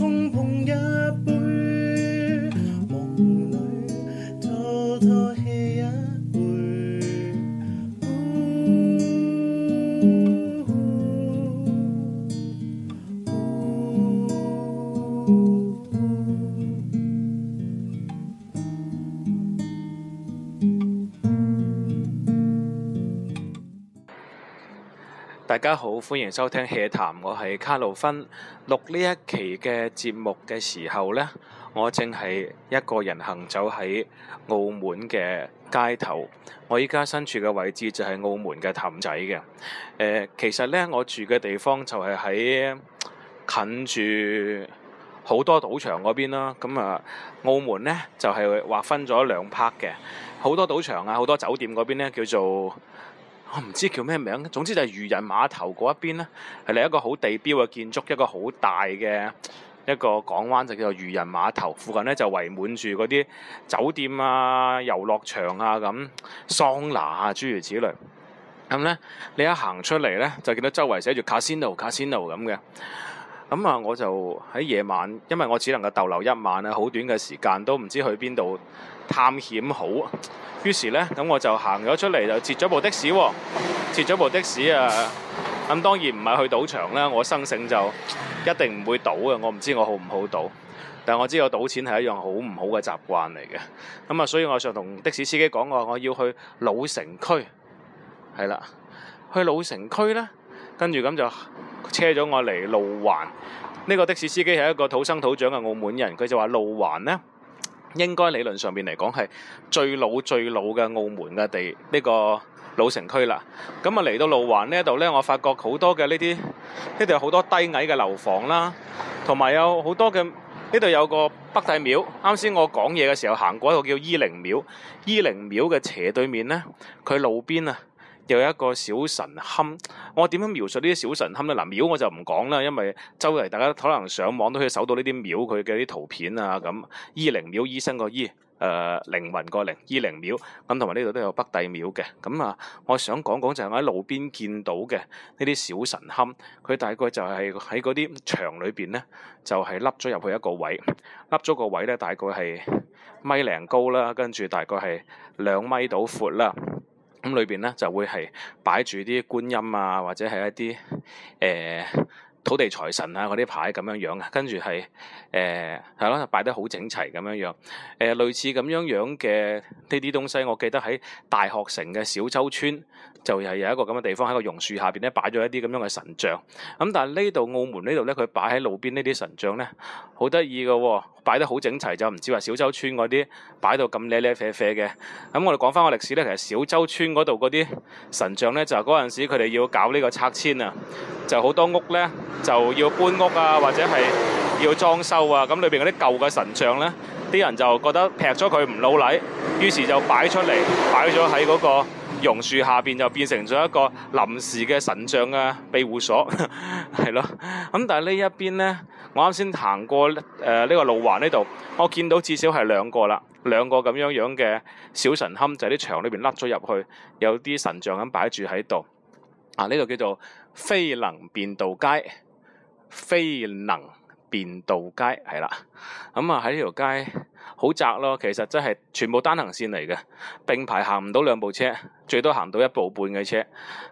冲碰一杯。大家好，歡迎收聽《HEA 談》，我係卡路芬。錄呢一期嘅節目嘅時候呢，我正係一個人行走喺澳門嘅街頭。我依家身處嘅位置就係澳門嘅氹仔嘅、呃。其實呢，我住嘅地方就係喺近住好多賭場嗰邊啦。咁、嗯、啊，澳門呢，就係、是、劃分咗兩 part 嘅，好多賭場啊，好多酒店嗰邊呢，叫做。我唔知叫咩名，總之就係漁人碼頭嗰一邊，呢係另一個好地標嘅建築，一個好大嘅一個港灣，就叫做漁人碼頭。附近呢就圍滿住嗰啲酒店啊、遊樂場啊、咁桑拿啊諸如此類。咁、嗯、呢，你一行出嚟呢，就見到周圍寫住 casino cas、casino 咁嘅。咁啊，我就喺夜晚，因為我只能夠逗留一晚啊，好短嘅時間都唔知去邊度探險好。於是呢，咁我就行咗出嚟就截咗部的士喎，哦，截咗部的士啊。咁當然唔係去賭場啦，我生性就一定唔會賭嘅。我唔知我好唔好賭，但我知我賭錢係一樣好唔好嘅習慣嚟嘅。咁啊，所以我就同的士司機講話，我要去老城區，係啦，去老城區呢。跟住咁就車咗我嚟路環。呢個的士司機係一個土生土長嘅澳門人，佢就話路環呢，應該理論上面嚟講係最老最老嘅澳門嘅地，呢個老城區啦。咁啊嚟到路環呢一度呢，我發覺好多嘅呢啲，呢度好多低矮嘅樓房啦，同埋有好多嘅，呢度有個北帝廟。啱先我講嘢嘅時候行過一個叫伊靈廟，伊靈廟嘅斜對面呢，佢路邊啊。又有一個小神龕，我點樣描述呢啲小神龕咧？嗱、啊，廟我就唔講啦，因為周圍大家可能上網都可以搜到呢啲廟佢嘅啲圖片啊咁。醫靈廟，醫生個醫，誒、呃、靈魂個靈，醫靈廟咁，同埋呢度都有北帝廟嘅。咁啊，我想講講就係我喺路邊見到嘅呢啲小神龕，佢大概就係喺嗰啲牆裏邊咧，就係、是、凹咗入去一個位，凹咗個位咧，大概係米零高啦，跟住大概係兩米到闊啦。咁裏邊咧就會係擺住啲觀音啊，或者係一啲誒。呃土地財神啊嗰啲牌咁樣樣啊，跟住係誒係咯，擺得好整齊咁樣樣。誒類似咁樣樣嘅呢啲東西，我記得喺大學城嘅小洲村就係有一個咁嘅地方，喺個榕樹下邊咧擺咗一啲咁樣嘅神像。咁但係呢度澳門呢度咧，佢擺喺路邊呢啲神像咧，好得意嘅喎，擺得好整齊，就唔知話小洲村嗰啲擺到咁咧咧啡啡嘅。咁我哋講返個歷史咧，其實小洲村嗰度嗰啲神像咧，就嗰陣時佢哋要搞呢個拆遷啊，就好多屋咧。就要搬屋啊，或者係要裝修啊，咁裏邊嗰啲舊嘅神像呢，啲人就覺得劈咗佢唔老禮，於是就擺出嚟，擺咗喺嗰個榕樹下邊，就變成咗一個臨時嘅神像嘅庇護所，係 咯。咁但係呢一邊呢，我啱先行過誒呢、呃呢個路環呢度，我見到至少係兩個啦，兩個咁樣樣嘅小神龕，就喺啲牆裏邊凹咗入去，有啲神像咁擺住喺度。啊，呢度叫做飛能便道街。非能便道街係啦，咁啊喺呢條街好窄咯，其實真係全部單行線嚟嘅，並排行唔到兩部車，最多行到一部半嘅車。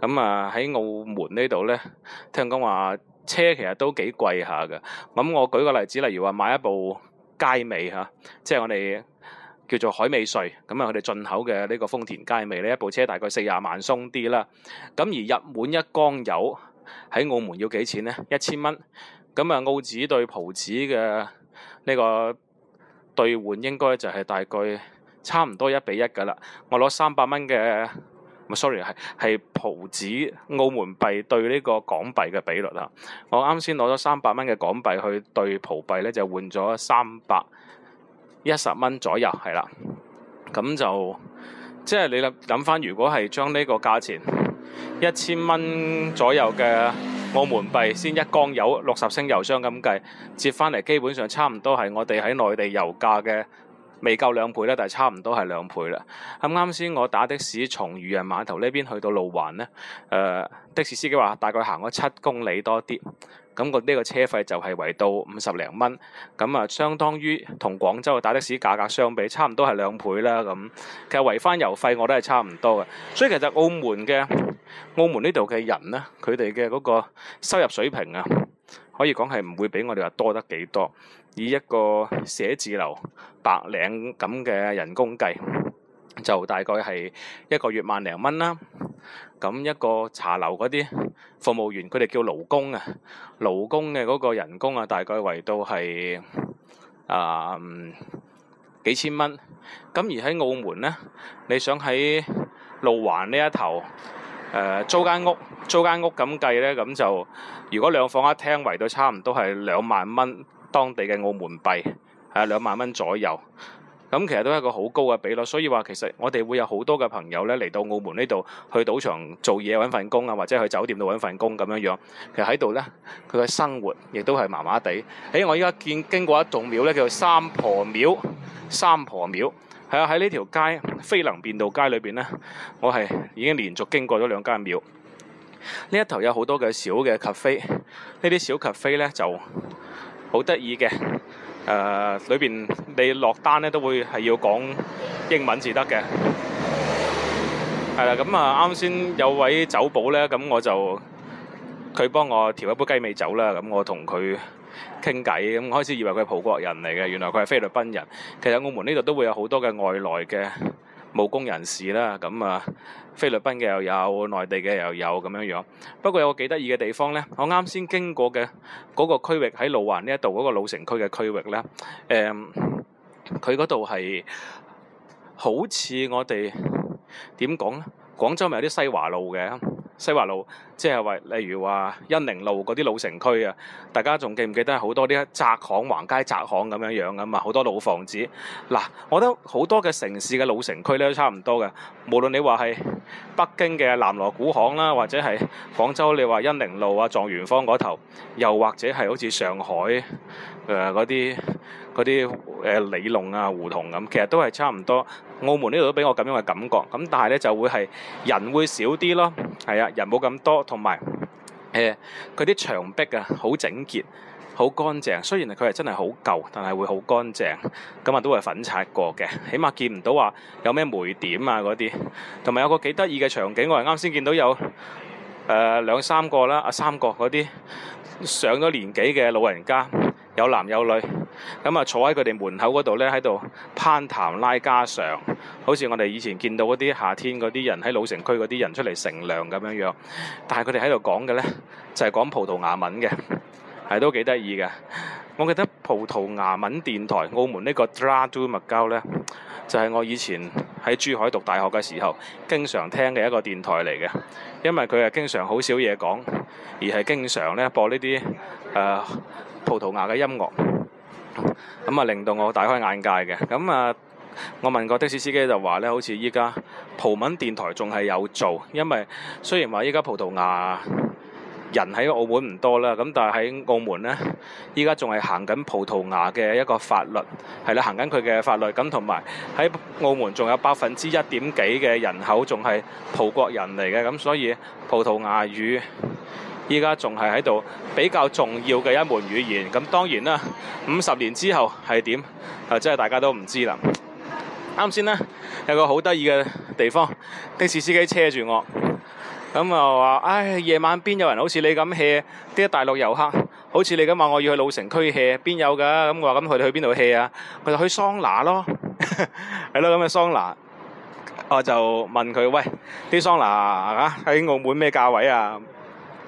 咁啊喺澳門呢度咧，聽講話車其實都幾貴下嘅。咁我舉個例子，例如話買一部佳美嚇，即係我哋叫做「海美瑞」。咁啊佢哋進口嘅呢個豐田佳美呢一部車大概四十萬鬆啲啦。咁而入滿一缸油，喺澳門要幾錢呢？一千蚊，咁啊澳紙對葡紙嘅呢個兌換應該就係大概差唔多一比一噶啦。我攞三百蚊嘅，唔 sorry，係係葡紙澳門幣對呢個港幣嘅比率啦。我啱先攞咗三百蚊嘅港幣去兌葡幣咧，就換咗三百一十蚊左右，係啦。咁就即係你諗諗翻，如果係將呢個價錢。一千蚊左右嘅澳門幣先一缸油六十升油箱咁計，折翻嚟基本上差唔多係我哋喺內地油價嘅未夠兩倍啦，但係差唔多係兩倍啦。咁啱先我打的士從漁人碼頭呢邊去到路環呢，誒、呃，的士司機話大概行咗七公里多啲。咁個呢個車費就係為到五十零蚊，咁啊，相當於同廣州嘅打的士價格相比，差唔多係兩倍啦。咁其實為返油費我都係差唔多嘅，所以其實澳門嘅澳門呢度嘅人呢，佢哋嘅嗰個收入水平啊，可以講係唔會比我哋話多得幾多，以一個寫字樓白領咁嘅人工計。就大概係一個月萬零蚊啦，咁一個茶樓嗰啲服務員，佢哋叫勞工啊，勞工嘅嗰個人工啊，大概圍到係啊幾千蚊。咁而喺澳門呢，你想喺路環呢一頭誒、呃、租間屋，租間屋咁計呢，咁就如果兩房一廳圍到差唔多係兩萬蚊，當地嘅澳門幣，係、啊、兩萬蚊左右。咁其實都係一個好高嘅比率，所以話其實我哋會有好多嘅朋友呢嚟到澳門呢度去賭場做嘢揾份工啊，或者去酒店度揾份工咁樣樣。其實喺度呢，佢嘅生活亦都係麻麻地。喺我依家見經過一棟廟呢，叫做三婆廟。三婆廟係呀，喺呢條街飛能便度街裏邊呢，我係已經連續經過咗兩間廟。呢一頭有好多嘅小嘅咖啡，呢啲小咖啡呢就好得意嘅。誒裏邊你落單咧，都會係要講英文至得嘅。係啦，咁啊，啱先有位酒保咧，咁我就佢幫我調一杯雞尾酒啦。咁我同佢傾偈，咁開始以為佢係葡國人嚟嘅，原來佢係菲律賓人。其實澳門呢度都會有好多嘅外來嘅。務工人士啦，咁啊，菲律賓嘅又有，內地嘅又有，咁樣樣。不過有個幾得意嘅地方咧，我啱先經過嘅嗰個區域喺路環呢一度嗰、嗰個老城區嘅區域咧，誒、嗯，佢嗰度係好似我哋點講咧？廣州咪有啲西華路嘅？西華路，即係話，例如話恩寧路嗰啲老城區啊，大家仲記唔記得好多啲窄巷橫街窄巷咁樣樣噶嘛？好多老房子。嗱，我覺得好多嘅城市嘅老城區咧都差唔多嘅。無論你話係北京嘅南鑼鼓巷啦，或者係廣州你話恩寧路啊、狀元坊嗰頭，又或者係好似上海誒嗰啲。呃嗰啲誒裏弄啊、衚衕咁，其實都係差唔多。澳門呢度都俾我咁樣嘅感覺咁，但係呢就會係人會少啲咯，係啊，人冇咁多，同埋誒佢啲牆壁啊，好整潔、好乾淨。雖然佢係真係好舊，但係會好乾淨，咁啊都會粉刷過嘅，起碼見唔到話有咩黴點啊嗰啲。同埋有個幾得意嘅場景，我係啱先見到有誒兩三個啦，啊三個嗰啲上咗年紀嘅老人家，有男有女。咁啊，坐喺佢哋門口嗰度咧，喺度攀談拉家常，好似我哋以前見到嗰啲夏天嗰啲人喺老城區嗰啲人出嚟乘涼咁樣樣。但係佢哋喺度講嘅咧，就係講葡萄牙文嘅，係都幾得意嘅。我記得葡萄牙文電台，澳門呢個 Rádio Macau 咧，就係我以前喺珠海讀大學嘅時候經常聽嘅一個電台嚟嘅，因為佢係經常好少嘢講，而係經常咧播呢啲誒葡萄牙嘅音樂。咁啊，令到我大開眼界嘅。咁啊，我問過的士司機就話呢，好似依家葡文電台仲係有做，因為雖然話依家葡萄牙人喺澳門唔多啦，咁但係喺澳門呢，依家仲係行緊葡萄牙嘅一個法律，係啦，行緊佢嘅法律。咁同埋喺澳門仲有百分之一點幾嘅人口仲係葡國人嚟嘅，咁所以葡萄牙語，依家仲係喺度比較重要嘅一門語言咁，當然啦。五十年之後係點啊？即係大家都唔知啦。啱先呢，有個好得意嘅地方，的士司機車住我，咁啊話，唉，夜、嗯哎、晚邊有人好似你咁 hea 啲大陸遊客？好似你咁話我要去老城區 hea 邊有㗎？咁、嗯、我話咁佢哋去邊度 hea 啊？佢就去桑拿咯，係咯咁嘅桑拿。我就問佢喂，啲桑拿啊喺澳門咩價位啊？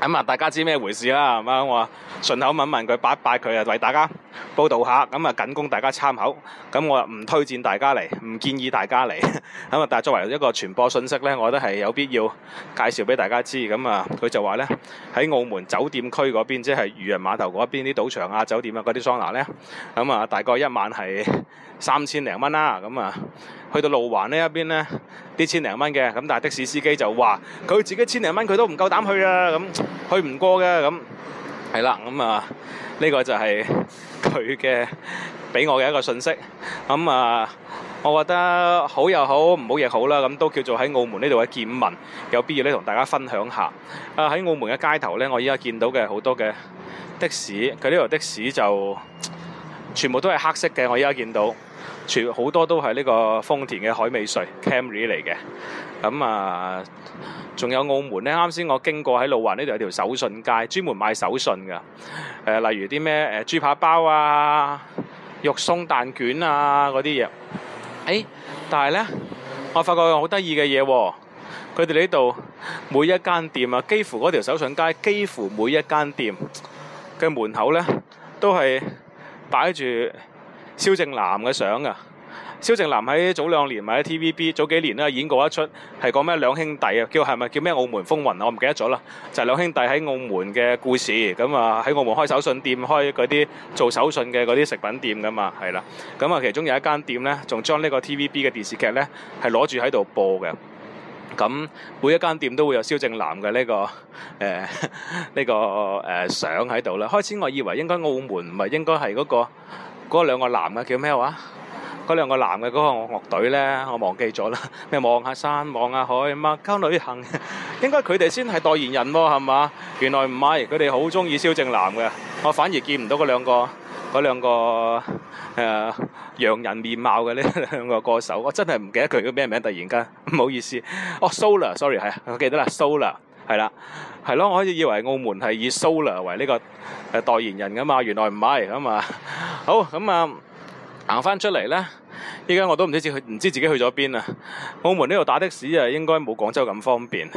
咁啊，大家知咩回事啦？係嘛，我順口問問佢，拜一拜佢啊，為大家報道下，咁啊，僅供大家參考。咁我唔推薦大家嚟，唔建議大家嚟。咁啊，但係作為一個傳播信息呢，我覺得係有必要介紹俾大家知。咁啊，佢就話呢，喺澳門酒店區嗰邊，即係漁人碼頭嗰邊啲賭場啊、酒店啊、嗰啲桑拿呢。咁啊，大概一晚係三千零蚊啦。咁啊，去到路環呢一邊呢，啲千零蚊嘅。咁但係的士司機就話，佢自己千零蚊佢都唔夠膽去啊。咁去唔過嘅。咁係啦，咁啊呢個就係佢嘅俾我嘅一個信息，咁啊我覺得好又好，唔好亦好啦，咁都叫做喺澳門呢度嘅見聞，有必要咧同大家分享下。啊喺澳門嘅街頭呢，我依家見到嘅好多嘅的士，佢呢度的士就。全部都係黑色嘅，我而家見到，全好多都係呢個豐田嘅海美瑞 Camry 嚟嘅。咁啊，仲、嗯呃、有澳門呢。啱先我經過喺路環呢度有條手信街，專門賣手信噶。誒、呃，例如啲咩誒豬扒包啊、肉鬆蛋卷啊嗰啲嘢。誒，但係呢，我發覺好得意嘅嘢，佢哋呢度每一間店啊，幾乎嗰條手信街幾乎每一間店嘅門口呢都係，擺住蕭正楠嘅相噶，蕭正楠喺早兩年，咪喺 TVB 早幾年咧演過一出，係講咩兩兄弟啊，叫係咪叫咩《澳門風雲》啊？我唔記得咗啦，就係兩兄弟喺澳門嘅故事，咁啊喺澳門開手信店，開嗰啲做手信嘅嗰啲食品店噶嘛，係啦，咁啊其中有一間店咧，仲將呢個 TVB 嘅電視劇咧係攞住喺度播嘅。咁每一間店都會有蕭正楠嘅呢個誒呢、呃呢個誒、呃、相喺度啦。開始我以為應該澳門唔係應該係嗰個嗰兩個男嘅叫咩話？嗰兩個男嘅嗰、嗰個樂隊咧，我忘記咗啦。咩望下山望下海，嘛，溝旅行 應該佢哋先係代言人喎，係嘛？原來唔係，佢哋好鍾意蕭正楠嘅，我反而見唔到嗰兩個。嗰兩個、呃、洋人面貌嘅呢兩個歌手，我真係唔記得佢叫咩名，突然間唔好意思。哦，Solar，sorry 係，我記得啦，Solar 係啦，係咯，我開始以為澳門係以 Solar 為呢個誒代言人㗎嘛，原來唔係咁啊。好咁啊，行、嗯、翻出嚟咧，依家我都唔知自去，唔知自己去咗邊啊。澳門呢度打的士啊，應該冇廣州咁方便。誒、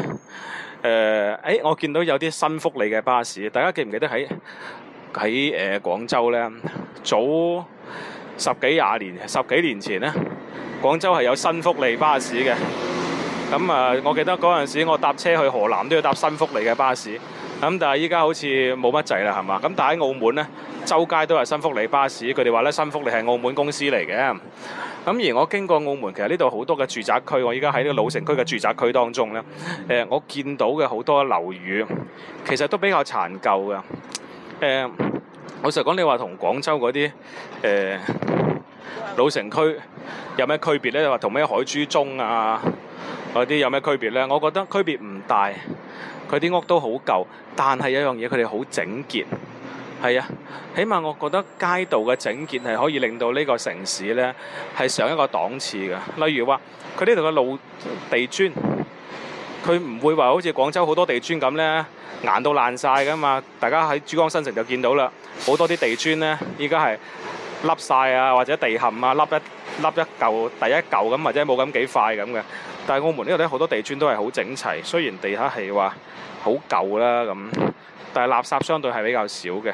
呃，誒，我見到有啲新福利嘅巴士，大家記唔記得喺？喺誒、呃、廣州咧，早十幾廿年、十幾年前咧，廣州係有新福利巴士嘅。咁、嗯、啊、呃，我記得嗰陣時，我搭車去河南都要搭新福利嘅巴士。咁、嗯、但係依家好似冇乜滯啦，係嘛？咁但係喺澳門咧，周街都係新福利巴士。佢哋話咧，新福利係澳門公司嚟嘅。咁、嗯、而我經過澳門，其實呢度好多嘅住宅區，我依家喺呢個老城區嘅住宅區當中咧，誒、呃，我見到嘅好多樓宇其實都比較殘舊嘅。誒，我成日講你話同廣州嗰啲誒老城區有咩區別咧？話同咩海珠中啊嗰啲有咩區別咧？我覺得區別唔大，佢啲屋都好舊，但係有一樣嘢佢哋好整潔。係啊，起碼我覺得街道嘅整潔係可以令到呢個城市咧係上一個檔次嘅。例如話，佢呢度嘅路地磚。佢唔會話好似廣州好多地磚咁呢，硬到爛晒噶嘛？大家喺珠江新城就見到啦，好多啲地磚呢，依家係凹晒啊，或者地陷啊，凹一凹一嚿第一嚿咁，或者冇咁幾塊咁嘅。但係澳門呢度呢，好多地磚都係好整齊，雖然地下係話好舊啦咁，但係垃圾相對係比較少嘅。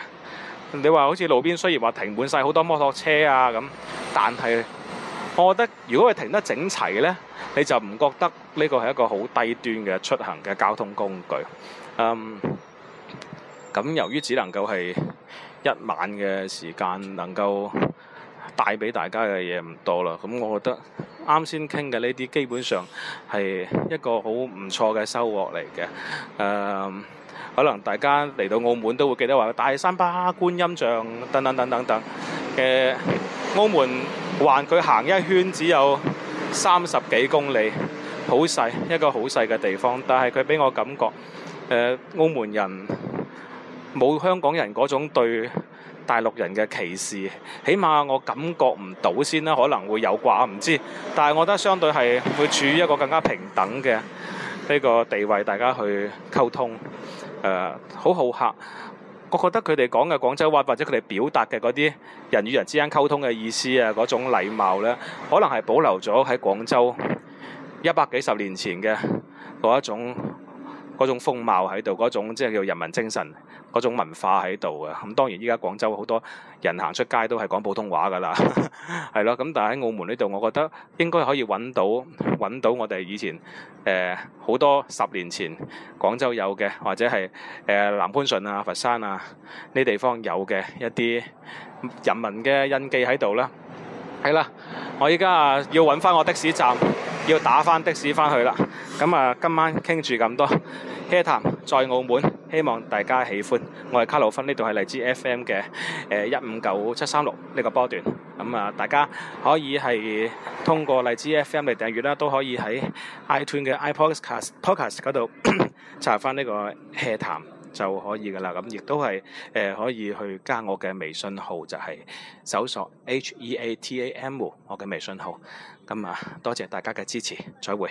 你話好似路邊雖然話停滿晒好多摩托車啊咁，但係我覺得如果佢停得整齊呢，你就唔覺得呢個係一個好低端嘅出行嘅交通工具。咁、嗯、由於只能夠係一晚嘅時間，能夠帶俾大家嘅嘢唔多啦。咁、嗯、我覺得啱先傾嘅呢啲基本上係一個好唔錯嘅收穫嚟嘅、嗯。可能大家嚟到澳門都會記得話大三巴、觀音像等等等等等嘅澳門。環佢行一圈只有三十幾公里，好細一個好細嘅地方。但係佢俾我感覺，呃、澳門人冇香港人嗰種對大陸人嘅歧視。起碼我感覺唔到先啦，可能會有啩，唔知。但係我覺得相對係會處於一個更加平等嘅呢個地位，大家去溝通，呃、好好客。我覺得佢哋講嘅廣州話，或者佢哋表達嘅嗰啲人與人之間溝通嘅意思啊，嗰種禮貌呢，可能係保留咗喺廣州一百幾十年前嘅一種嗰種風貌喺度，嗰種即係叫人民精神。嗰種文化喺度嘅，咁當然依家廣州好多人行出街都係講普通話㗎啦，係 咯，咁但係喺澳門呢度，我覺得應該可以揾到揾到我哋以前誒好多十年前廣州有嘅，或者係誒南番順啊、佛山啊呢地方有嘅一啲人民嘅印記喺度啦。係啦，我而家啊要搵翻我的，的士站，要打翻的士翻去啦。咁、嗯、啊，今晚傾住咁多，HEA 談在澳門，希望大家喜歡。我係卡羅芬，呢度係荔枝 F M 嘅誒一五九七三六呢個波段。咁、嗯、啊，大家可以係通過荔枝 F M 嚟訂閱啦，都可以喺 iTunes 嘅 Apple Podcast 嗰度 查翻呢個 HEA 談。就可以㗎喇，咁亦都係誒、呃、可以去加我嘅微信號，就係、是、搜索 H E A T A M 我嘅微信號。咁、嗯、啊，多謝大家嘅支持，再會。